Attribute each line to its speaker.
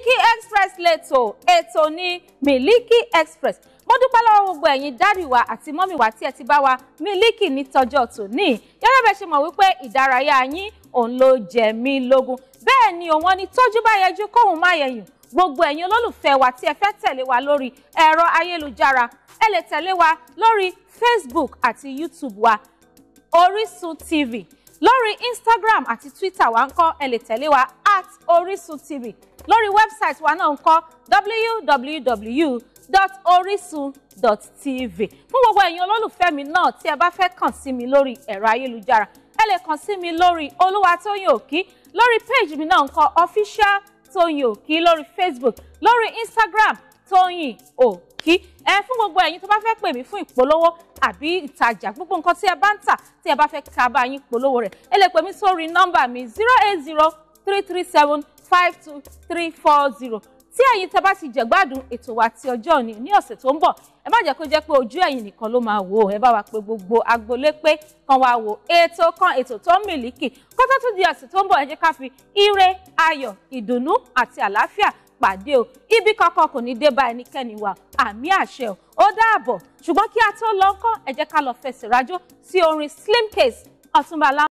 Speaker 1: Miliki Express lẹ́tọ̀ ètò ní Miliki Express mo dúpẹ́ lọ́wọ́ gbogbo ẹ̀yin dádì wa àti mọ́mì wa tí ẹ ti bá wa Miliki ní tọjọ́ tòní yálà bẹ́ẹ̀ ṣe mọ̀ wípé ìdárayá yín òun ló jẹ mí lógún bẹ́ẹ̀ ni òun ni tójú bá yẹjú kóhun má yẹyìn gbogbo ẹ̀yin olólùfẹ́ wa tí ẹ fẹ́ tẹ̀lé wa lórí ẹ̀rọ ayélujára ẹ lè tẹ̀lé wa lórí Facebook àti YouTube wa Orísun TV lórí instagram àti twitter wa ń kọ́ ẹ lè tẹ̀lé wa at orisun tv lórí website wa náà ń kọ́ www dot orisun dot tv fún gbogbo ẹ̀yin olólùfẹ́ mi náà tí ẹ bá fẹ́ kàn sí mi lórí ẹ̀rọ ayélujára ẹ lè kàn sí mi lórí Olúwatóyìn Òkí lórí page mi náà ń kọ official Tóyìn Òkí lórí Facebook lórí Instagram Tóyìn Òkí ẹ fún gbogbo ẹ̀yin tó bá fẹ́ pè mí fún ìpolówó àbí ìtajà gbogbo nǹkan tí ẹ bá ń tà tí ẹ bá fẹ́ ká bá yín polówó rẹ̀ ẹ lè pè mí sórí nọ́mbà mi zero eight zero three three seven five two three four zero tí ẹ̀yin tẹ́ bá ti jẹ̀gbádùn ètò wa ti ọjọ́ òní ní ọ̀sẹ̀ tó ń bọ̀ ẹ má jẹ́ kó jẹ́ pé ojú ẹ̀yin nìkan ló máa wò ẹ bá wa pé gbogbo agboolé pé kan wa wò ètò kan ètò tó ń mìlíkì kó tó tún di ọ̀sẹ̀ tó ń bọ̀ ẹ jẹ́ ká fi ire ayọ̀ ìdùnnú àti àlàáfíà pàdé o ibi kankan kò ní dé bá ẹnikẹ́ni wa àmì àṣẹ o ó dáàbọ̀ ṣùgbọ́n kí a tó lọ kọ́ ẹ jẹ́ ká lọ fẹsẹ̀ rájò sí orin slim case ọ̀túnba